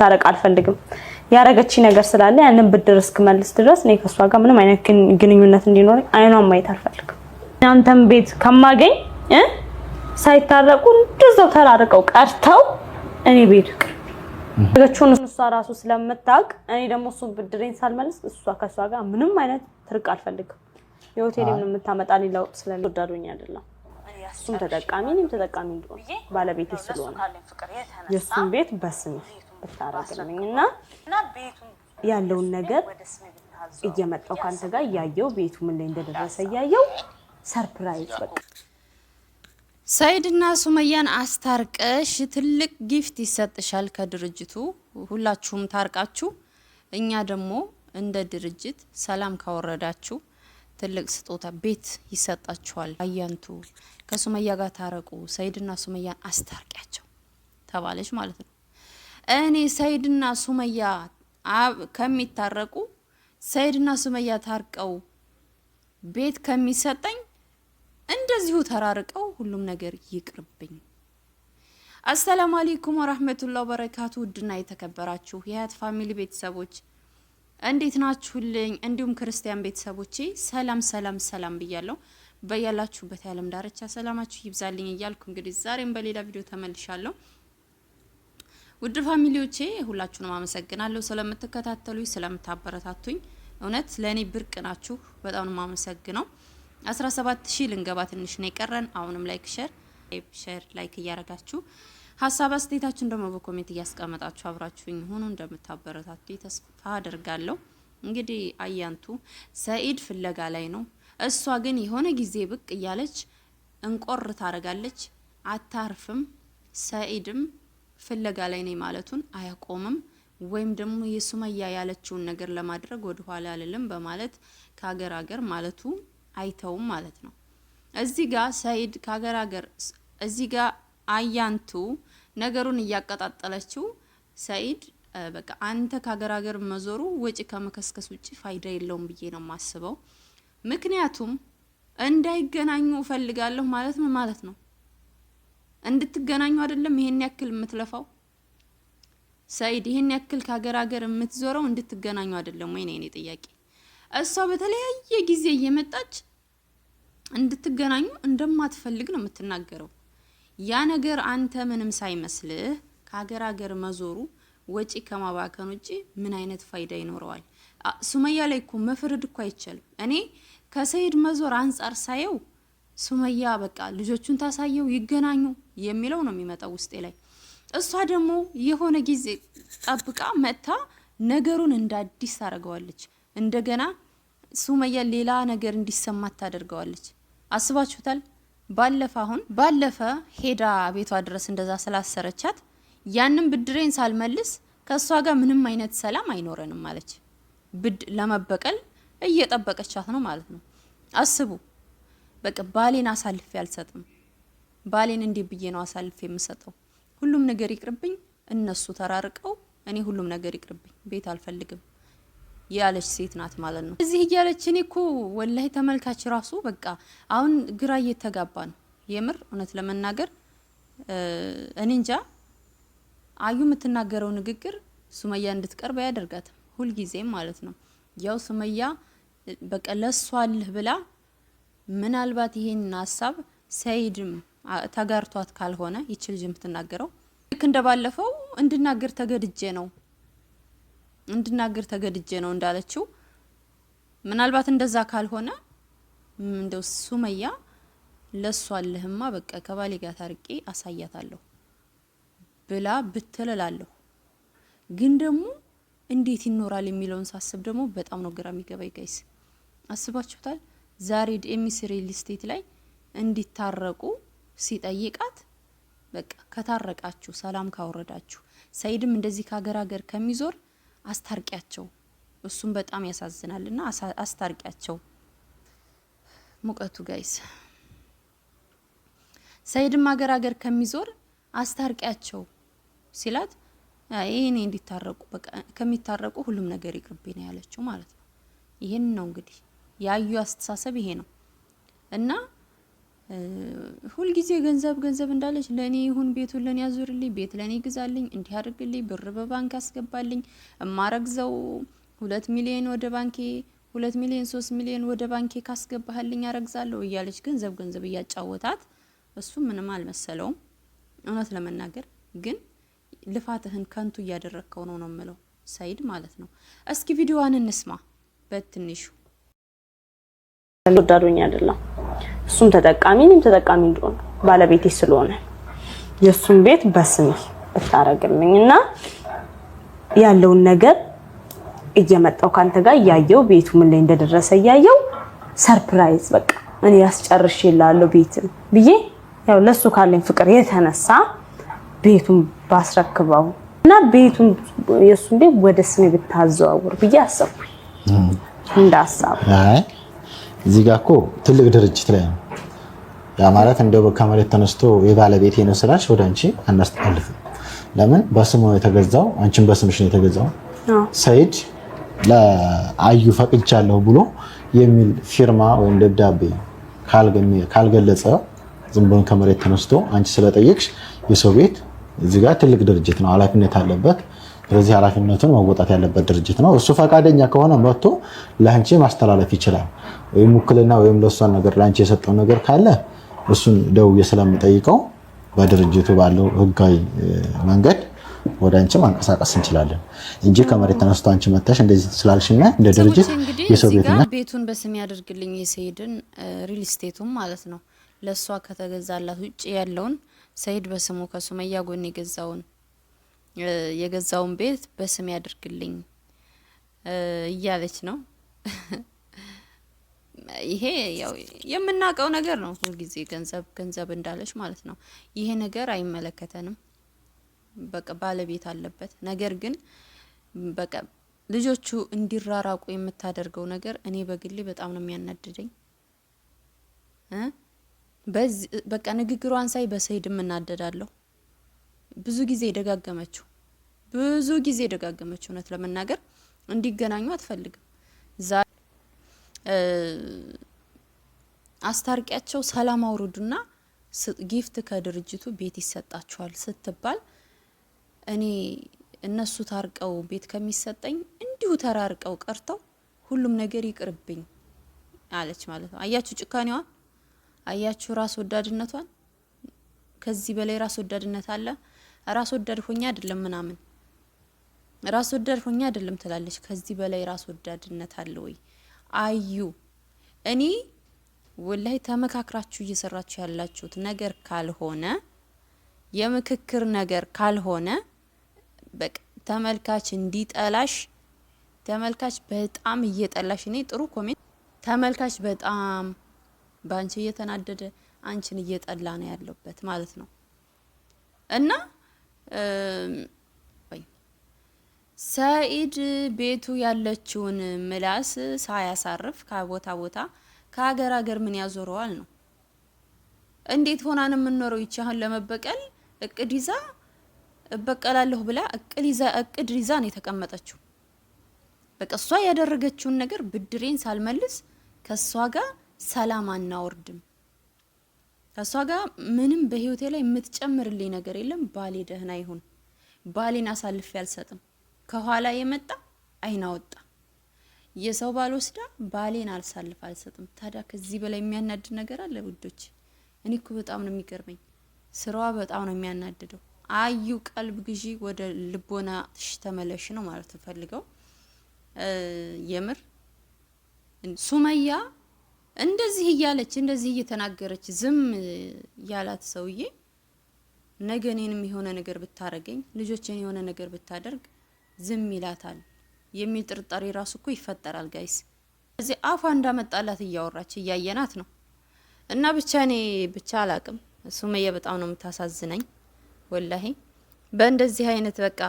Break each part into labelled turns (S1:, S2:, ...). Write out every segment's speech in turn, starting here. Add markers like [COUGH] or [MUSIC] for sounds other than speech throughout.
S1: ታረቅ አልፈልግም። ያረገች ነገር ስላለ ያንን ብድር እስክመልስ ድረስ እኔ ከእሷ ጋር ምንም አይነት ግንኙነት እንዲኖር አይኗን ማየት አልፈልግም። እናንተም ቤት ከማገኝ ሳይታረቁ እንደዛው ተራርቀው ቀርተው እኔ ቤት ያረገችውን እሷ ራሱ ስለምታውቅ እኔ ደግሞ እሱ ብድሬን ሳልመልስ እሷ ከእሷ ጋር ምንም አይነት ትርቅ አልፈልግም። የሆቴል የምታመጣ ሌላው ስለወዳዱኝ አይደለም እሱም ተጠቃሚ እኔም ተጠቃሚ ባለቤት ስለሆነ የእሱም ቤት በስሜ አታረግልኝ እና ያለውን ነገር እየመጣው ከአንተ ጋር እያየው ቤቱ ምን ላይ እንደደረሰ እያየው ሰርፕራይዝ በቃ ሰኢድና ሱመያን አስታርቀሽ ትልቅ ጊፍት ይሰጥሻል ከድርጅቱ። ሁላችሁም ታርቃችሁ እኛ ደግሞ እንደ ድርጅት ሰላም ካወረዳችሁ ትልቅ ስጦታ ቤት ይሰጣችኋል። አያንቱ ከሱመያ ጋር ታረቁ፣ ሰኢድና ሱመያን አስታርቂያቸው ተባለች ማለት ነው። እኔ ሰይድና ሱመያ ከሚታረቁ ሰይድና ሱመያ ታርቀው ቤት ከሚሰጠኝ እንደዚሁ ተራርቀው ሁሉም ነገር ይቅርብኝ። አሰላሙ አሌይኩም ወራህመቱላ በረካቱ። ውድና የተከበራችሁ የሀያት ፋሚሊ ቤተሰቦች እንዴት ናችሁልኝ? እንዲሁም ክርስቲያን ቤተሰቦች ሰላም ሰላም ሰላም ብያለሁ። በያላችሁበት የዓለም ዳርቻ ሰላማችሁ ይብዛልኝ እያልኩ እንግዲህ ዛሬም በሌላ ቪዲዮ ተመልሻለሁ። ውድ ፋሚሊዎቼ ሁላችሁንም አመሰግናለሁ ስለምትከታተሉኝ፣ ስለምታበረታቱኝ እውነት ለእኔ ብርቅ ናችሁ። በጣም ነው የማመሰግነው። አስራ ሰባት ሺህ ልንገባ ትንሽ ነው የቀረን። አሁንም ላይክ ሸር ሸር ላይክ እያረጋችሁ ሀሳብ አስተያየታችሁን ደግሞ በኮሜንት እያስቀመጣችሁ አብራችሁኝ ሆኑ እንደምታበረታቱኝ ተስፋ አደርጋለሁ። እንግዲህ አያንቱ ሰኢድ ፍለጋ ላይ ነው። እሷ ግን የሆነ ጊዜ ብቅ እያለች እንቆር ታደርጋለች፣ አታርፍም። ሰኢድም ፍለጋ ላይ ነኝ ማለቱን አያቆምም። ወይም ደግሞ የሱመያ ያለችውን ነገር ለማድረግ ወደ ኋላ አልልም በማለት ከሀገር ሀገር ማለቱ አይተውም ማለት ነው። እዚህ ጋር ሰኢድ ከሀገር ሀገር እዚህ ጋር አያንቱ ነገሩን እያቀጣጠለችው ሰይድ በቃ አንተ ከሀገር ሀገር መዞሩ ወጪ ከመከስከስ ውጭ ፋይዳ የለውም ብዬ ነው የማስበው። ምክንያቱም እንዳይገናኙ እፈልጋለሁ ማለት ምን ማለት ነው? እንድትገናኙ አይደለም ይሄን ያክል የምትለፋው ሰይድ ይሄን ያክል ከሀገር ሀገር የምትዞረው እንድትገናኙ አይደለም ወይ? እኔ ጥያቄ እሷ በተለያየ ጊዜ እየመጣች እንድትገናኙ እንደማትፈልግ ነው የምትናገረው። ያ ነገር አንተ ምንም ሳይመስልህ ከሀገር ሀገር መዞሩ ወጪ ከማባከን ውጪ ምን አይነት ፋይዳ ይኖረዋል? ሱመያ ላይ እኮ መፍረድ እኮ አይቻልም። እኔ ከሰይድ መዞር አንጻር ሳየው ሱመያ በቃ ልጆቹን ታሳየው ይገናኙ የሚለው ነው የሚመጣው ውስጤ ላይ። እሷ ደግሞ የሆነ ጊዜ ጠብቃ መጥታ ነገሩን እንደ አዲስ ታደርገዋለች። እንደገና ሱመያ ሌላ ነገር እንዲሰማት ታደርገዋለች። አስባችሁታል? ባለፈ አሁን ባለፈ ሄዳ ቤቷ ድረስ እንደዛ ስላሰረቻት ያንን ብድሬን ሳልመልስ ከእሷ ጋር ምንም አይነት ሰላም አይኖረንም ማለች። ብድ ለመበቀል እየጠበቀቻት ነው ማለት ነው። አስቡ። በቃ ባሌን አሳልፌ አልሰጥም። ባሌን እንዴ ብዬ ነው አሳልፌ የምሰጠው? ሁሉም ነገር ይቅርብኝ፣ እነሱ ተራርቀው እኔ ሁሉም ነገር ይቅርብኝ፣ ቤት አልፈልግም ያለች ሴት ናት ማለት ነው። እዚህ እያለች እኔ እኮ ወላሂ ተመልካች ራሱ በቃ አሁን ግራ እየተጋባ ነው። የምር እውነት ለመናገር እኔ እንጃ አዩ የምትናገረው ንግግር ሱመያ እንድትቀርብ አያደርጋትም፣ ሁልጊዜም ማለት ነው። ያው ሱመያ በቃ ለሷ ብላ ምናልባት ይህን ሀሳብ ሰይድም ተጋርቷት ካልሆነ ይች ልጅ የምትናገረው ልክ እንደባለፈው እንድናገር ተገድጄ ነው እንድናገር ተገድጄ ነው እንዳለችው ምናልባት እንደዛ ካልሆነ እንደው ሱመያ ለሷ አለህማ በቃ ከባሌ ጋር ታርቄ አሳያታለሁ ብላ ብትልላለሁ ግን ደግሞ እንዴት ይኖራል የሚለውን ሳስብ ደግሞ በጣም ነው ግራ የሚገባኝ። ጋይስ አስባችሁታል? ዛሬ ዲኤምሲ ሪል ስቴት ላይ እንዲታረቁ ሲጠይቃት በቃ ከታረቃችሁ ሰላም ካወረዳችሁ ሰይድም እንደዚህ ከሀገር ሀገር ከሚዞር አስታርቂያቸው። እሱም በጣም ያሳዝናልና አስታርቂያቸው። ሙቀቱ ጋይስ ሰይድም ሀገር ሀገር ከሚዞር አስታርቂያቸው ሲላት ይህኔ እንዲታረቁ በቃ ከሚታረቁ ሁሉም ነገር ይቅርብኝ ያለችው ማለት ነው። ይህን ነው እንግዲህ ያዩ አስተሳሰብ ይሄ ነው እና ሁልጊዜ ገንዘብ ገንዘብ እንዳለች ለእኔ ይሁን ቤቱን ለእኔ ያዙርልኝ፣ ቤት ለእኔ ይግዛልኝ፣ እንዲህ አድርግልኝ፣ ብር በባንክ ያስገባልኝ፣ እማረግዘው ሁለት ሚሊዮን ወደ ባንኬ ሁለት ሚሊዮን ሶስት ሚሊዮን ወደ ባንኬ ካስገባህልኝ ያረግዛለሁ እያለች ገንዘብ ገንዘብ እያጫወታት እሱ ምንም አልመሰለውም። እውነት ለመናገር ግን ልፋትህን ከንቱ እያደረግከው ነው ነው የምለው ሰይድ ማለት ነው። እስኪ ቪዲዮዋን እንስማ በትንሹ ወዳዶኝ አይደለም። እሱም ተጠቃሚ እኔም ተጠቃሚ እንደሆነ ባለቤቴ ስለሆነ የእሱም ቤት በስሜ ብታረግልኝ እና ያለውን ነገር እየመጣው ካንተ ጋር እያየው ቤቱ ምን ላይ እንደደረሰ እያየው ሰርፕራይዝ በቃ እኔ ያስጨርሽ ይላለሁ ቤትን ብዬ ያው ለሱ ካለኝ ፍቅር የተነሳ ቤቱን ባስረክበው እና ቤቱን የእሱን ቤት ወደ ስሜ ብታዘዋውር ብዬ አሰብኩኝ እንደ ሀሳብ
S2: እዚህ ጋር እኮ ትልቅ ድርጅት ላይ ነው። ያ ማለት እንደው ከመሬት ተነስቶ የባለቤት ነው ስላልሽ ወደ አንቺ አናስተላልፍም። ለምን በስሙ የተገዛው አንቺን በስምሽ ነው የተገዛው። ሰይድ ለአዩ ፈቅጃለሁ ብሎ የሚል ፊርማ ወይም ደብዳቤ ካልገለጸ ዝም ብሎ ከመሬት ተነስቶ አንቺ ስለጠየቅሽ የሰው ቤት እዚህ ጋር ትልቅ ድርጅት ነው፣ ኃላፊነት አለበት ስለዚህ ኃላፊነቱን መወጣት ያለበት ድርጅት ነው። እሱ ፈቃደኛ ከሆነ መጥቶ ለአንቺ ማስተላለፍ ይችላል። ወይም ውክልና ወይም ለእሷን ነገር ለአንቺ የሰጠው ነገር ካለ እሱን ደውዬ ስለምጠይቀው በድርጅቱ ባለው ህጋዊ መንገድ ወደ አንቺ ማንቀሳቀስ እንችላለን እንጂ ከመሬት ተነስቶ አንቺ መታሽ እንደዚህ ስላልሽና እንደ ድርጅት የሰው ቤትና
S3: ቤቱን በስም ያደርግልኝ የሰይድን ሪል ስቴቱም ማለት ነው ለእሷ ከተገዛላት ውጭ ያለውን ሰይድ በስሙ ከሱመያ ጎን የገዛውን የገዛውን ቤት በስም ያድርግልኝ እያለች ነው። [LAUGHS] ይሄ ያው የምናውቀው ነገር ነው። ሁልጊዜ ገንዘብ ገንዘብ እንዳለች ማለት ነው። ይሄ ነገር አይመለከተንም። በቃ ባለቤት አለበት። ነገር ግን በቃ ልጆቹ እንዲራራቁ የምታደርገው ነገር እኔ በግሌ በጣም ነው የሚያናድደኝ። በቃ ንግግሯን ሳይ በሰይድም እናደዳለሁ። ብዙ ጊዜ ደጋገመችው፣ ብዙ ጊዜ ደጋገመችው። እውነት ለመናገር እንዲገናኙ አትፈልግም። ዛ አስታርቂያቸው፣ ሰላም አውርዱና ጊፍት ከድርጅቱ ቤት ይሰጣችኋል ስትባል እኔ እነሱ ታርቀው ቤት ከሚሰጠኝ እንዲሁ ተራርቀው ቀርተው ሁሉም ነገር ይቅርብኝ አለች ማለት ነው። አያችሁ ጭካኔዋን፣ አያችሁ ራስ ወዳድነቷን። ከዚህ በላይ ራስ ወዳድነት አለ። ራስ ወዳድ ሆኜ አይደለም ምናምን ራስ ወዳድ ሆኜ አይደለም ትላለች። ከዚህ በላይ ራስ ወዳድነት አለ ወይ? አዩ እኔ ወላይ ተመካክራችሁ እየሰራችሁ ያላችሁት ነገር ካልሆነ የምክክር ነገር ካልሆነ በቃ ተመልካች እንዲጠላሽ ተመልካች በጣም እየጠላሽ እኔ ጥሩ ኮሜንት ተመልካች በጣም በአንቺ እየተናደደ አንቺን እየጠላ ነው ያለበት ማለት ነው እና ሰኢድ ቤቱ ያለችውን ምላስ ሳያሳርፍ ከቦታ ቦታ ከሀገር ሀገር ምን ያዞረዋል ነው? እንዴት ሆናን የምንኖረው? አሁን ለመበቀል እቅድ ይዛ እበቀላለሁ ብላ እቅድ ይዛ እቅድ ይዛ ነው የተቀመጠችው። በቃ እሷ ያደረገችውን ነገር ብድሬን ሳልመልስ ከእሷ ጋር ሰላም አናወርድም። ከእሷ ጋር ምንም በህይወቴ ላይ የምትጨምርልኝ ነገር የለም። ባሌ ደህና ይሁን። ባሌን አሳልፌ አልሰጥም። ከኋላ የመጣ አይና ወጣ የሰው ባል ወስዳ ባሌን አልሳልፍ አልሰጥም። ታዲያ ከዚህ በላይ የሚያናድድ ነገር አለ? ውዶች፣ እኔ እኮ በጣም ነው የሚገርመኝ። ስራዋ በጣም ነው የሚያናድደው። አዩ ቀልብ ግዢ፣ ወደ ልቦናሽ ተመለሽ ነው ማለት ፈልገው የምር ሱመያ እንደዚህ እያለች እንደዚህ እየተናገረች ዝም ያላት ሰውዬ ነገ እኔንም የሆነ ነገር ብታረገኝ ልጆችን የሆነ ነገር ብታደርግ ዝም ይላታል የሚል ጥርጣሬ ራሱ እኮ ይፈጠራል ጋይስ። ዚ አፏ እንዳመጣላት እያወራች እያየናት ነው። እና ብቻ እኔ ብቻ አላቅም። ሱመያ በጣም ነው የምታሳዝነኝ ወላሄ በእንደዚህ አይነት በቃ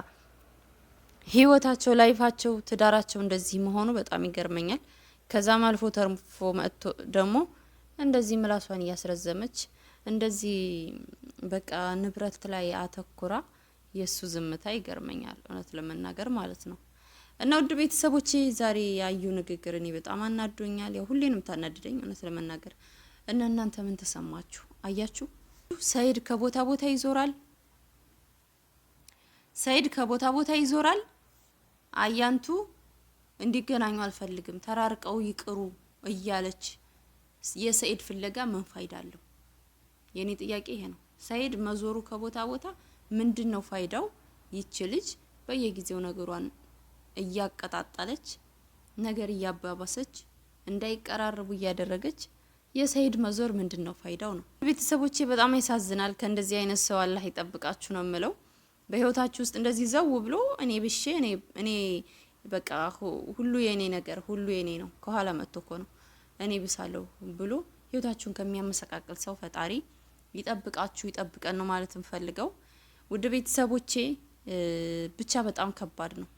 S3: ህይወታቸው፣ ላይፋቸው፣ ትዳራቸው እንደዚህ መሆኑ በጣም ይገርመኛል። ከዛም አልፎ ተርፎ መጥቶ ደግሞ እንደዚህ ምላሷን እያስረዘመች እንደዚህ በቃ ንብረት ላይ አተኩራ የእሱ ዝምታ ይገርመኛል፣ እውነት ለመናገር ማለት ነው። እና ውድ ቤተሰቦቼ ዛሬ ያዩ ንግግር እኔ በጣም አናዶኛል። ያው ሁሌንም ታናድደኝ እውነት ለመናገር እና እናንተ ምን ተሰማችሁ? አያችሁ ሰይድ ከቦታ ቦታ ይዞራል። ሰይድ ከቦታ ቦታ ይዞራል። አያንቱ እንዲገናኙ አልፈልግም፣ ተራርቀው ይቅሩ እያለች የሰኢድ ፍለጋ ምን ፋይዳ አለው? የኔ ጥያቄ ይሄ ነው። ሰኢድ መዞሩ ከቦታ ቦታ ምንድን ነው ፋይዳው? ይቺ ልጅ በየጊዜው ነገሯን እያቀጣጠለች ነገር እያባባሰች እንዳይቀራረቡ እያደረገች የሰኢድ መዞር ምንድን ነው ፋይዳው ነው? ቤተሰቦቼ በጣም ያሳዝናል። ከእንደዚህ አይነት ሰው አላህ ይጠብቃችሁ ነው የምለው። በህይወታችሁ ውስጥ እንደዚህ ዘው ብሎ እኔ ብሼ እኔ በቃ ሁሉ የኔ ነገር ሁሉ የኔ ነው፣ ከኋላ መጥቶ እኮ ነው እኔ ብሳለሁ ብሎ ህይወታችሁን ከሚያመሰቃቅል ሰው ፈጣሪ ይጠብቃችሁ ይጠብቀን ነው ማለት እንፈልገው። ውድ ቤተሰቦቼ ብቻ በጣም ከባድ ነው።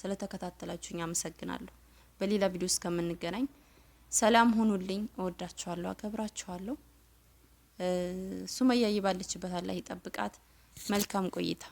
S3: ስለተከታተላችሁኝ አመሰግናለሁ። በሌላ ቪዲዮ እስከምንገናኝ ሰላም ሁኑልኝ። እወዳችኋለሁ፣ አከብራችኋለሁ። ሱመያ ባለችበት አላህ ይጠብቃት። መልካም ቆይታ